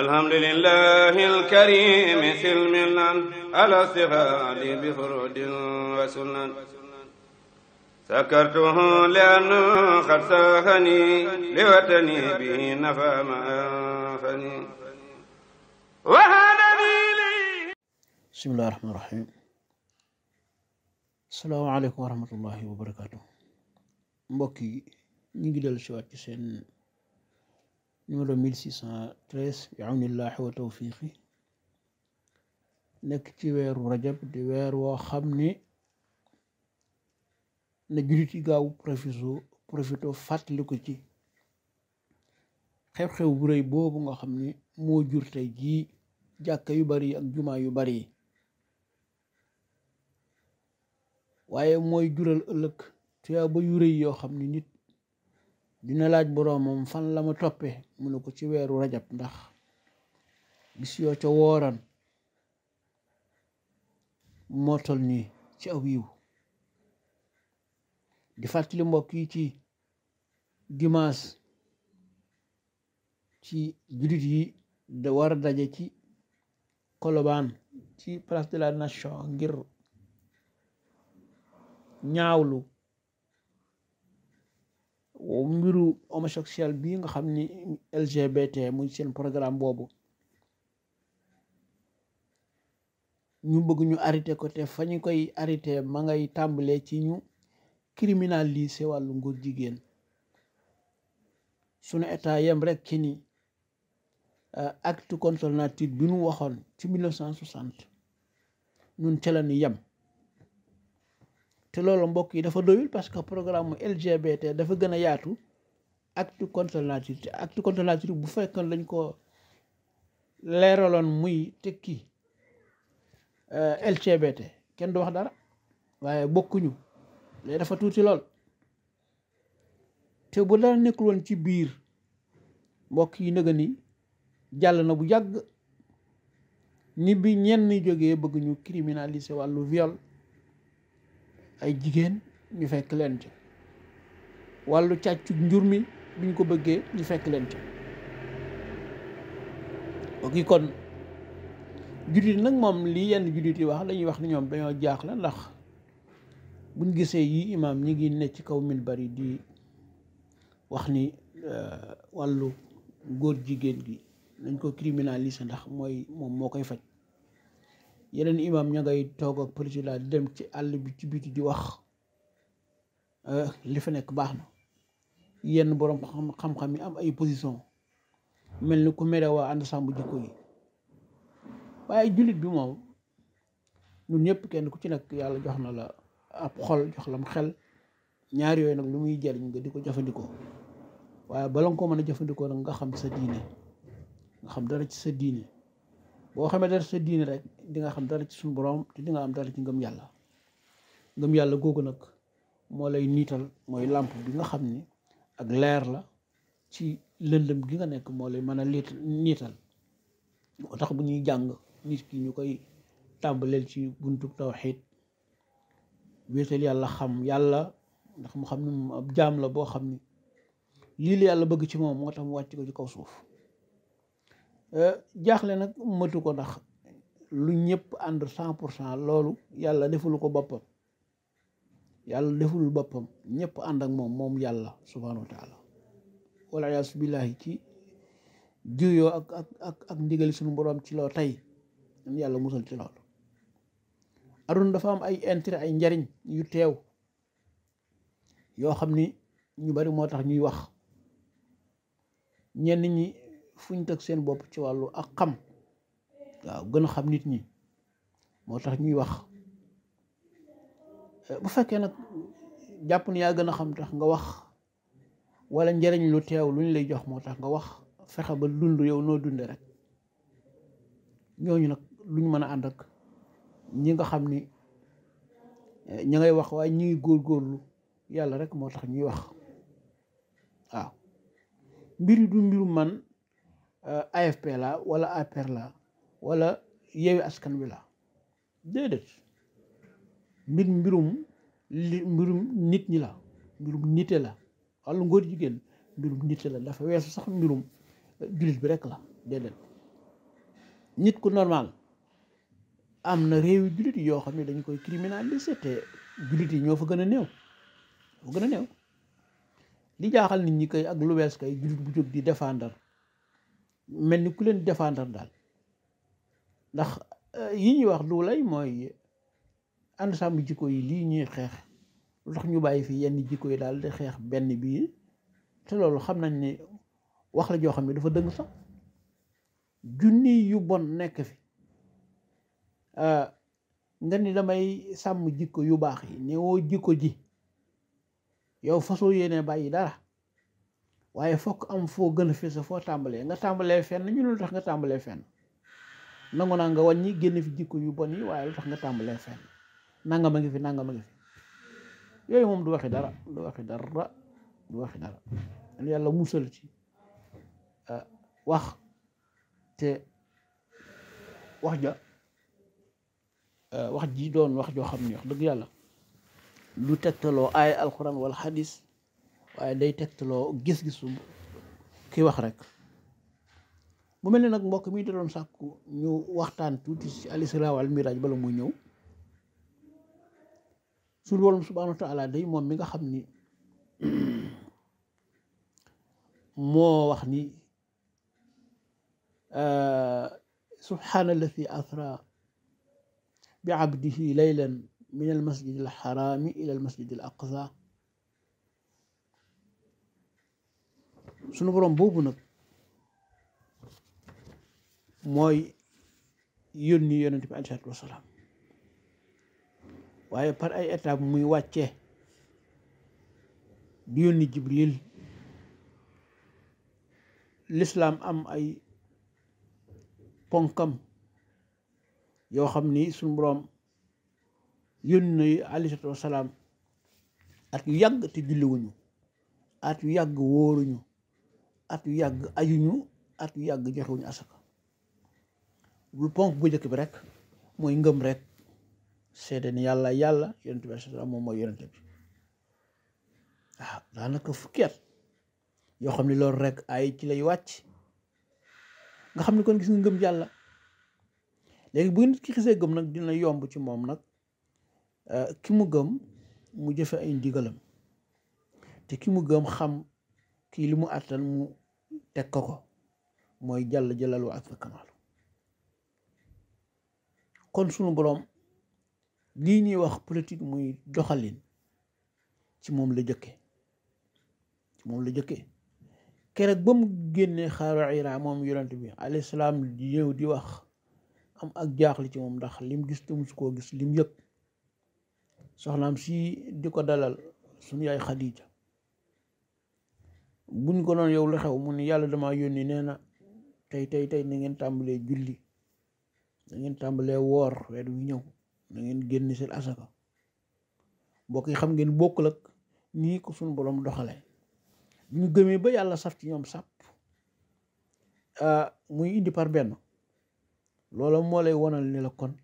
alhamdulilah alkarim silmilan ala stighaali bi furudin wa sunan sakartuhu li annu qad saahani li watani bihi nafa ma anfani li bismillahi rahmaani rahiim assalaamu aleykum wa yi si waat ci numéro 1613 bi awnillahi wa tawfiqi nekk ci weeru rajab di weer woo xam ne na jullit yi gaaw profito profito fàttaliku ci xew-xew bu rëy boobu nga xam ni moo jur tey jii jàkka yu bari ak jumaa yu bari yi waaye jural ëllëg tuyaa ba yu rëy yoo xam ne nit dina laaj boroomam fan la ma toppe mu ne ko ci weeru rajab ndax bis yoo ca wooran moo tol nii ci aw yiw di fàttali mbokk yi ci gimaas ci jullit yi da war a daje ci kolobaan ci place de la nation ngir ñaawlu mbiru homosexuel bii nga xam ni LGBT mu seen programme boobu ñu bëgg ñu arrêté ko te fa ñu koy arrêté ma ngay tàmbalee ci ñu criminal criminaliser wàllu nguur jigéen sunu état yem rek ci ni euh, acte contre nature bi nu waxoon ci 1960 ñun ca la ñu yem te loolu mbokk yi dafa doyul parce que programme LGBT dafa gën a yaatu acte contre la natalité acte bu fekkoon lañ ko leeraloon muy tekki euh, LGBT kenn du wax dara waaye bokkuñu léegi dafa tuuti lool te bu dara nekkul ci biir mbokk yi nëga ni jàll na bu yàgg ni bi ñenn jógee bëgguñu ñu criminaliser wàllu viol ay jigéen ñu fekk leen ci wàllu càccu njur mi buñ ko bëggee ñu fekk leen ci ok kon juddit nag moom lii yenn juddit yi wax dañuy wax ne ñoom dañoo jaaxle ndax buñ gisee yi imaam ñi ngi ne ci kaw min bari di wax ni euh, wàllu góor jigéen gi nañ ko criminaliser ndax mooy moom moo koy faj yeneen imaam ña ngay toog ak président dem ci àll bi ci biti di wax euh, li fa nekk baax na yenn boroom xam-xam yi am ay position mel ni ku mere waa ànd sàmm jikko yi waaye jullit bi moom ñun ñëpp kenn ku ci nekk yàlla jox na la ab xol jox la mu xel ñaar yooyu nag lu muy jariñ nga di ko jëfandikoo waaye bala koo mën a jëfandikoo nag nga xam sa diine nga xam dara ci sa diine boo xamee dara sa diin rek dinga nga xam dara ci suñu boroom te di nga am dara ci ngëm yàlla ngëm yàlla googu nag moo lay niital mooy làmp bi nga xam ni ak leer la ci lëndëm gi nga nekk moo lay mën a liit niital moo tax bu ñuy jàng nit ki ñu koy tàmbaleel ci buntu tawxiid wéetal yàlla xam yàlla ndax mu xam ne moom ab la boo xam ni lii la yàlla bëgg ci moom moo tax mu wàcc ko ci kaw suuf Euh, jaaxle nag matu ko ndax lu ñëpp ànd cent pour cent loolu yàlla defulu ko boppam yàlla deful boppam ñëpp ànd ak moom moom yàlla subhanahu wa taala wala yaasu billaahi ci juyoo ak ak ak ak ndigali suñu boroom ci loo tey yàlla musal ci loolu aduna dafa am ay intérêt ay njariñ yu teew yoo xam ni ñu bari moo tax ñuy wax ñenn ñi fu ñu teg seen bopp ci wàllu ak xam waaw gën a xam nit ñi moo tax ñuy wax eh, bu fekkee nag jàpp ni yaa gën a xam tax nga wax wala njëriñ lu teew lu ñu lay jox moo tax nga wax fexe ba dund yow noo dunde rek ñooñu nag luñ mën a ànd ak ñi nga xam ni eh, ñi ngay wax waaye ñi ngi góorgóorlu yàlla rek moo tax ñuy wax waaw mbiri du mbiru man Euh, AFP la wala APR la wala yeewi askan wi la déedéet mbir mbirum li mbirum nit ñi la mbirum nite la wala ngóor jigéen mbirum nite la dafa weesu sax mbirum euh, jullit bi rek la déedéet nit ku normal am na réewi jullit yoo xam ne dañ koy criminaliser te jullit yi ñoo fa gën a néew gën a li jaaxal nit ñi kay ak lu wees kay jullit bu jóg di défendre mel ni ku leen défendre daal ndax euh, yi ñuy wax lu lay mooy ànd sàmm jikko yi lii ñuy xeex lu tax ñu bàyyi fii yenn jikko yi daal di xeex benn bii te loolu xam nañ ne wax la joo xam ne dafa dëng sax junni yu bon nekk fi euh, nga ni damay sàmm jikko yu baax yi ne jikko ji yow fasoo yéene bàyyi dara waaye fokk am foo gën a feesa foo tàmbalee nga tàmbalee fenn ñu lu tax nga tàmbalee fenn nangu naa nga wàññi génn fi jikko yu bon yi waaye lu tax nga tàmbalee fenn nanga ma ngi fi nanga ngi fi yooyu moom du waxi dara du waxi dara du waxi dara yàlla musal ci ah, wax te wax ja ah, wax ji doon wax joo xam ne wax dëgg yàlla lu tegtaloo ay alquran wala xadis waaye day tegtaloo gis-gisu ki wax rek mu mel ne nag mbokk mi da doon ñu waxtaan tuuti ci al isra wal miraaj bala muy ñëw suñu borom subhaanahu wa day moom mi nga xam ni moo wax ni ah, subhaana allazi asra bi abdihi laylan min al masjid al xaraami ila al masjid al aqsa sunu borom boobu nag mooy yónni yonent bi aleyhi salaatu wa salaam waaye par ay étape muy wàccee di yónni Jibril lislaam am ay ponkam yoo xam ni sunu borom yónni aleyhi salaatu wa salaam at yu yàgg te julliwuñu at yu yàgg wóoruñu at yu yàgg ayuñu at yu yàgg joxewuñu asaka lu ponk bu njëkk bi rek mooy ngëm rek seede ni yàlla yàlla yonent bi sallam moom mooy yonent bi waaw ah, daanaka fukki at yoo xam ne loolu rek ay ci lay wàcc nga xam ne kon gis nga ngëm yàlla léegi bu nit ki xisee gëm nag dina yomb ci moom nag eh, ki mu gëm mu jëfe ay ndigalam te ki mu gëm xam kii li mu àttal mu teg ko ko mooy jàll jëlal wa ak sa kamaal kon sunu boroom lii ñuy wax politik muy joxalin ci moom la jëkke ci moom la jëkke keroog ba mu génnee xaaru ira moom yonent bi alayhi salaam di ñëw di wax am ak jaaxle ci moom ndax lim gis te musu koo gis lim yëpp soxnaam si di ko dalal suñu yaay Xadiija buñ ko noonu yow la xew mu ne yàlla damaa yónni nee na tey tey tey na ngeen tàmbalee julli na ngeen tàmbalee woor weer wi ñëw na ngeen génn seen asaka mbokk xam ngeen bokkul ak nii ko suñu boroom doxale ñu gëmee ba yàlla saf ci ñoom sàpp muy indi par benn loola moo lay wonal ni la kon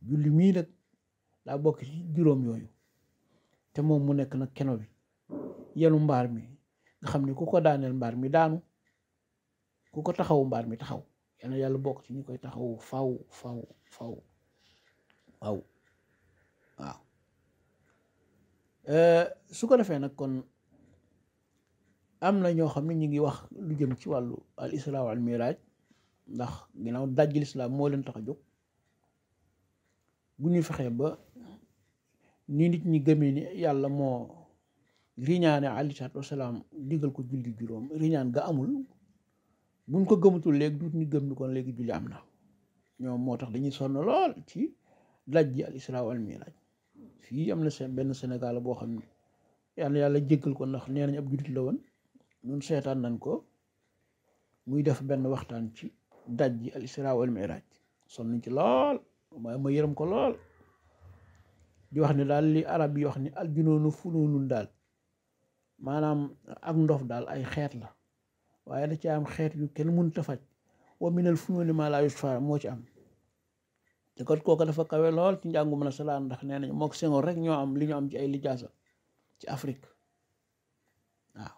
julli mii nag daa bokk ci juróom yooyu te moom mu nekk nag keno bi yenu mbaar mi nga xam ne ku ko daaneel mbaar mi daanu ku ko taxawu mbaar mi taxaw yal yàlla bokk ci ñu koy taxawu faw faw faw waaw waaw eh, su ko defee nag kon am na ñoo xam ne ñu ngi wax lu jëm ci wàllu al isra wal miraaj ndax ginnaaw dajji lislaam moo leen tax a jóg bu ñu fexee ba ni nit ñi gëme ni yàlla moo riñaane alayhi salaatu wasalaam digal ko julli juróom riñaan ga amul buñ ko gëmatul léegi duut ñu gëm ni kon léegi julli am na ñoom moo tax dañuy sonn lool ci laaj ji al isra mi miraaj fii am na seen benn Sénégal boo xam ne yàlla yàlla jéggal ko ndax nee nañ ab seetaan nañ ko muy def benn waxtaan ci daj ji al isra wal ci lool waaye ma yërëm ko lool di wax ne daal li arab yi wax ni al junoonu funoonun daal maanaam ak ndof daal ay xeet la waaye da ci am xeet yu kenn mënut a faj wa minal funuuni maa laa yusfaa moo ci am te kat kooka dafa kawe lool ci njàngum na salaan ndax nee nañ mook Senghor rek ñoo am li ñu am ci ay lijaasa ci Afrique waaw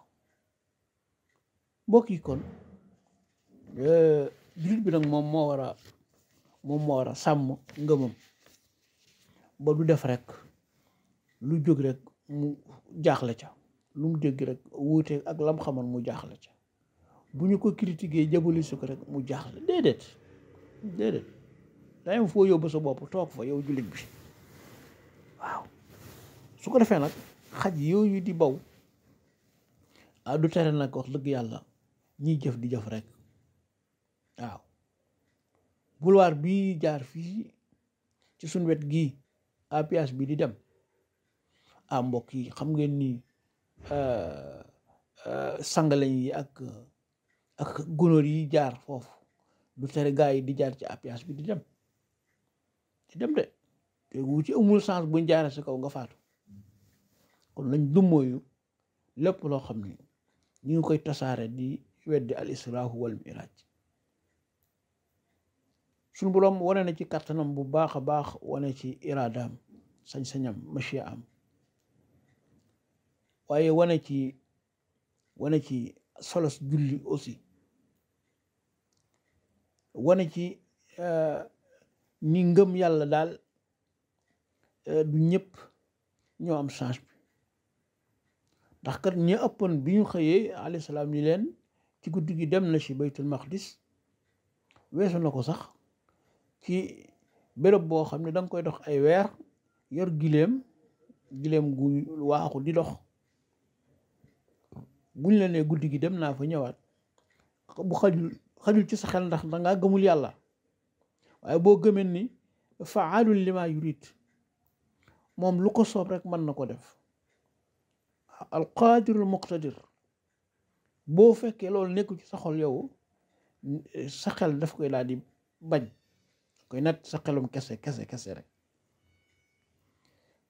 mbokk yi kon euh, jullit bi nag moom moo war a moom moo war a sàmm ngëmam ba du def rek lu jóg rek mu jaaxle ca lu mu dégg rek wuutee ak lam xamoon mu jaaxle ca bu ñu ko critiquer jabolisu ko rek mu jaaxle déedéet déedéet dayam foo yóbbu sa bopp toog fa yow jullit bi waaw su ko defee nag xaj yooyu di baw ah du tere nag wax dëgg yàlla ñiy jëf di jëf rekk waaw boulevard bi jaar fii ci suñ wet gii à ah, bi di dem ah mbokk yi xam ngeen nii Euh, euh, sangaleñ yi ak ak gunóor yi jaar foofu du tere gaa yi di jaar ci apias bi di dem di dem de te wu ci amul sens buñ jaaree si kaw nga faatu kon lañ dummóoyu lépp loo xam ni ñu ngi koy tasaare di weddi al israhu wal miraj suñu boroom wane na ci kattanam bu baax a baax wane ci iraadaam sañ-sañam machia am waaye wane ci wane ci solos julli aussi wane ci ni eh, ngëm yàlla daal eh, du ñëpp ñoo am chance bi ndax kat ñi ëppoon bi ñu xëyee alayhi salaam ni leen ci guddi gi dem na ci baytul maqdis weesu na ko sax ci béréb boo xam ne danga koy dox ay weer yor gileem gileem gu waaxu di dox buñ la nee guddi gi dem naa fa ñëwaat bu xajul xajul ci sa xel ndax danga gëmul yàlla waaye boo gëmee ni faalul lima yurid moom lu ko soob rek mën na ko def alqaadirul muqtadir boo fekkee loolu nekku ci sa xol yow sa xel daf koy daal di bañ koy nat sa xelum kese kese kese rek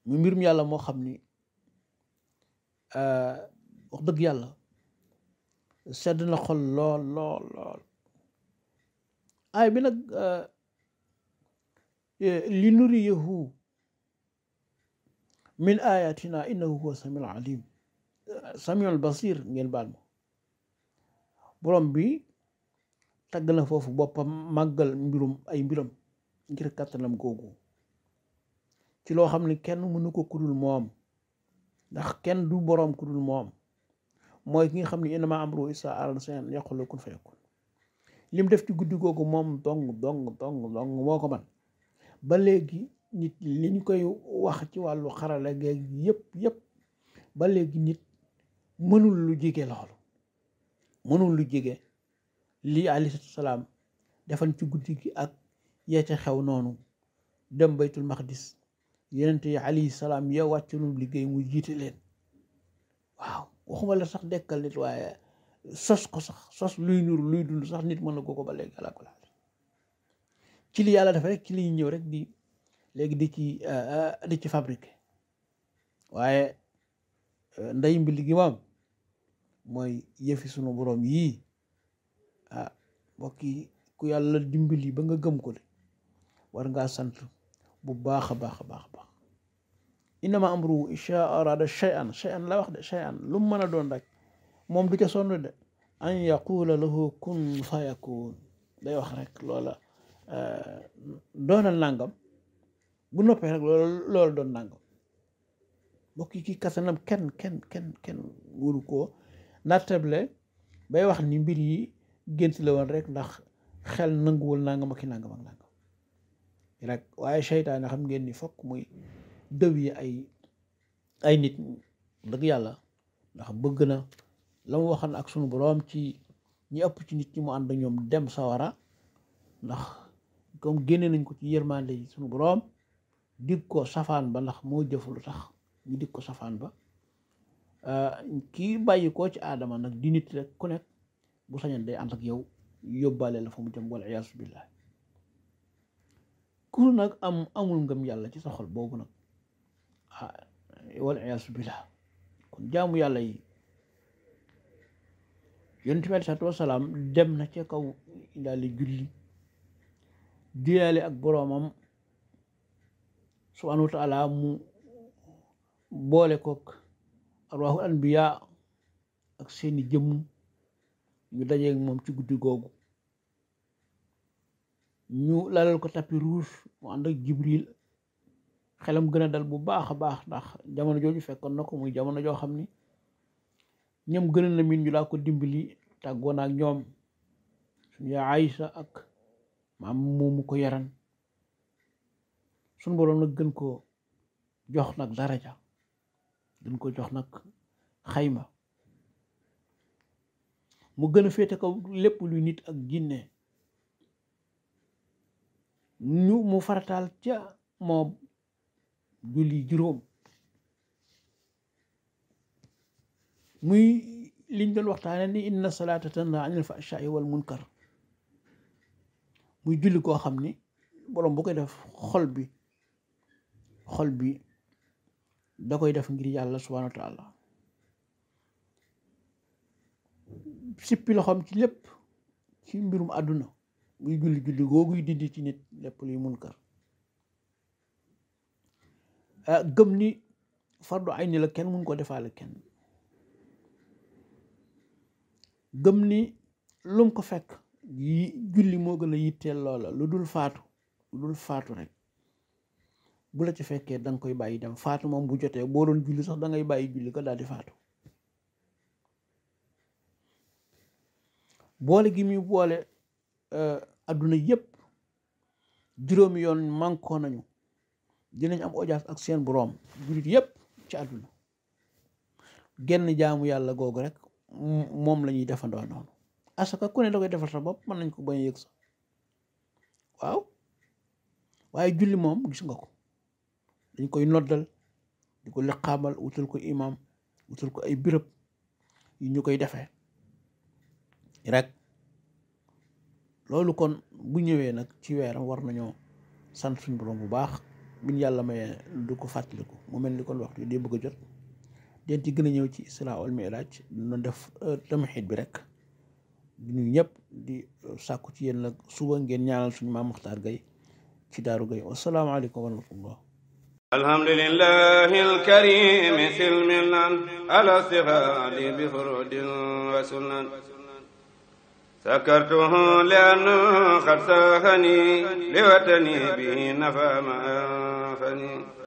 mu mbirum yàlla moo xam ni euh, wax dëgg yàlla sedd na xol lool lool lool bi nag euh, euh, li nuriyahu min ayatina innahu huwa samiul alim samiul basir ngeen baal ma borom bi tagg na foofu boppam màggal mbirum ay mbiram ngir kàttanam googu ci loo xam ni kenn mënu ko kudul moom ndax kenn du boroom kudul moom mooy ki nga xam ne innama amruhu izaa arada shay'an an yaqula lahu kun def ci guddi googu moom dong dong dong dong moo ko man ba léegi nit li ñu koy wax ci wàllu xarala geeg yëpp yëpp ba léegi nit mënul lu jige loolu mënul lu jige lii alayhi salaam defan ci guddi gi ak yee ca xew noonu dem baytul maqdis yenente yi alayhi salaam ya wàcc liggéey mu jiite leen waaw waxuma la sax dekkal nit waaye sos ko sax sos luy nur luy dund sax nit mën na ko ko ba léegi ala kulli ci li yàlla dafa rek ci li ñëw rek di léegi di ci eh, di ci fabriqué waaye eh, nday mbi gi moom mooy yëfi sunu boroom yii ah mbokk yi ku yàlla yi ba nga gëm ko de war ngaa sant bu baax a baax a baax a baax innama amruhu insha arada shay'an shay'an la wax de shay'an lu mu man a doon rek moom du ca sonn de an yaqula lahu kun fayakun day wax rek loola euh, doonal nàngam bu noppee rek loola doon nàngam mbokk yi kii kasanam kenn kenn kenn kenn wuru koo nattable bay wax ni mbir yi gént la woon rek ndax xel nanguwul nangam ak ki nangam ak nangam rek waaye seytaane xam ngeen ni fokk muy dëw yi ay ay nit dëgg yàlla ndax bëgg na la mu waxoon ak sunu boroom ci ñi ëpp ci nit ñi mu ànd ñoom dem sawara ndax comme génne nañ ko ci yërmande yi sunu boroom dig ko safaan ba ndax moo jëfu lu tax ñu dig ko safaan ba euh, kii bàyyi koo ci aadama nag di nit rek ku nekk bu sañoon day ànd ak yow yóbbaale la fa mu jëm wala iyaasu billah ku nag am amul ngëm yàlla ci sa xol boobu nag wal iyaasu billah kon jaamu yàlla yi yonent bi aleyhi dem na ca kaw indaale julli diyaale ak boroomam subhaanahu taala mu boole kook arwaahul anbiya ak seeni jëmm ñu dajeeg moom ci guddi googu ñu lalal ko tapis rouge mu ànd ak jibril xelam gën a bu baax a baax ndax jamono jooju fekkoon na ko muy jamono joo xam ni ñoom gën na la miin ñu laa ko dimbali tàggoon ak ñoom suñu yaay Aïcha ak maam moomu ko yaran suñu gën ko jox nag daraja gën ko jox nag xayma mu gën a féete kaw lépp luy nit ak jinne ñu mu farataal ca moom julli juróom muy liñ doon waxtaane ni na salaata tanha anil fahshaa'i wal munkar muy julli koo xam ni boroom bu koy def xol bi xol bi da koy def ngir yàlla subhaanahu wa taala sippi loxoom ci lépp ci mbirum àdduna muy julli julli googuy dindi ci nit lépp luy munkar Euh, gëm ni fardu ay ni la kenn mun koo defaale kenn gëm ni lum ko fekk julli moo gën a yitteel loola lu dul faatu lu dul faatu rek bu la ci fekkee danga koy bàyyi dem faatu moom bu jotee boo doon julli sax dangay bàyyi julli ko daal di faatu boole gi muy boole euh, adduna yépp juróom yoon mànkoo nañu dinañ am audience ak seen boroom jullit yépp ci àdduna genn jaamu yàlla googu rek moom lañuy ñuy defandoo noonu asaka ku ne da koy defal sa bopp mën nañ ko bañ a yëg sax waaw waaye julli moom gis nga ko dañ koy noddal di ko liqaamal wutal ko imam wutal ko ay birëb yu ñu koy defee rek loolu kon bu ñëwee nag ci weeram war nañoo sant suñu borom bu baax buñ yàlla mayee du ko fàttaliku mu mel ni kon waxtu yi day jot den ci gën a ci isra wal mi'raj noonu def euh, tamxit bi rek di ñu ñëpp di euh, sàkku ci yéen nag ngeen ñaanal suñu maam Muxtaar Gay ci Daaru Gay wasalaamaaleykum wa rahmatullah alhamdulillahi alkarim silmilan alastighali bi furudin wa sunan sakartuhu lian qad sahani liwatani bihi nafa ma نفني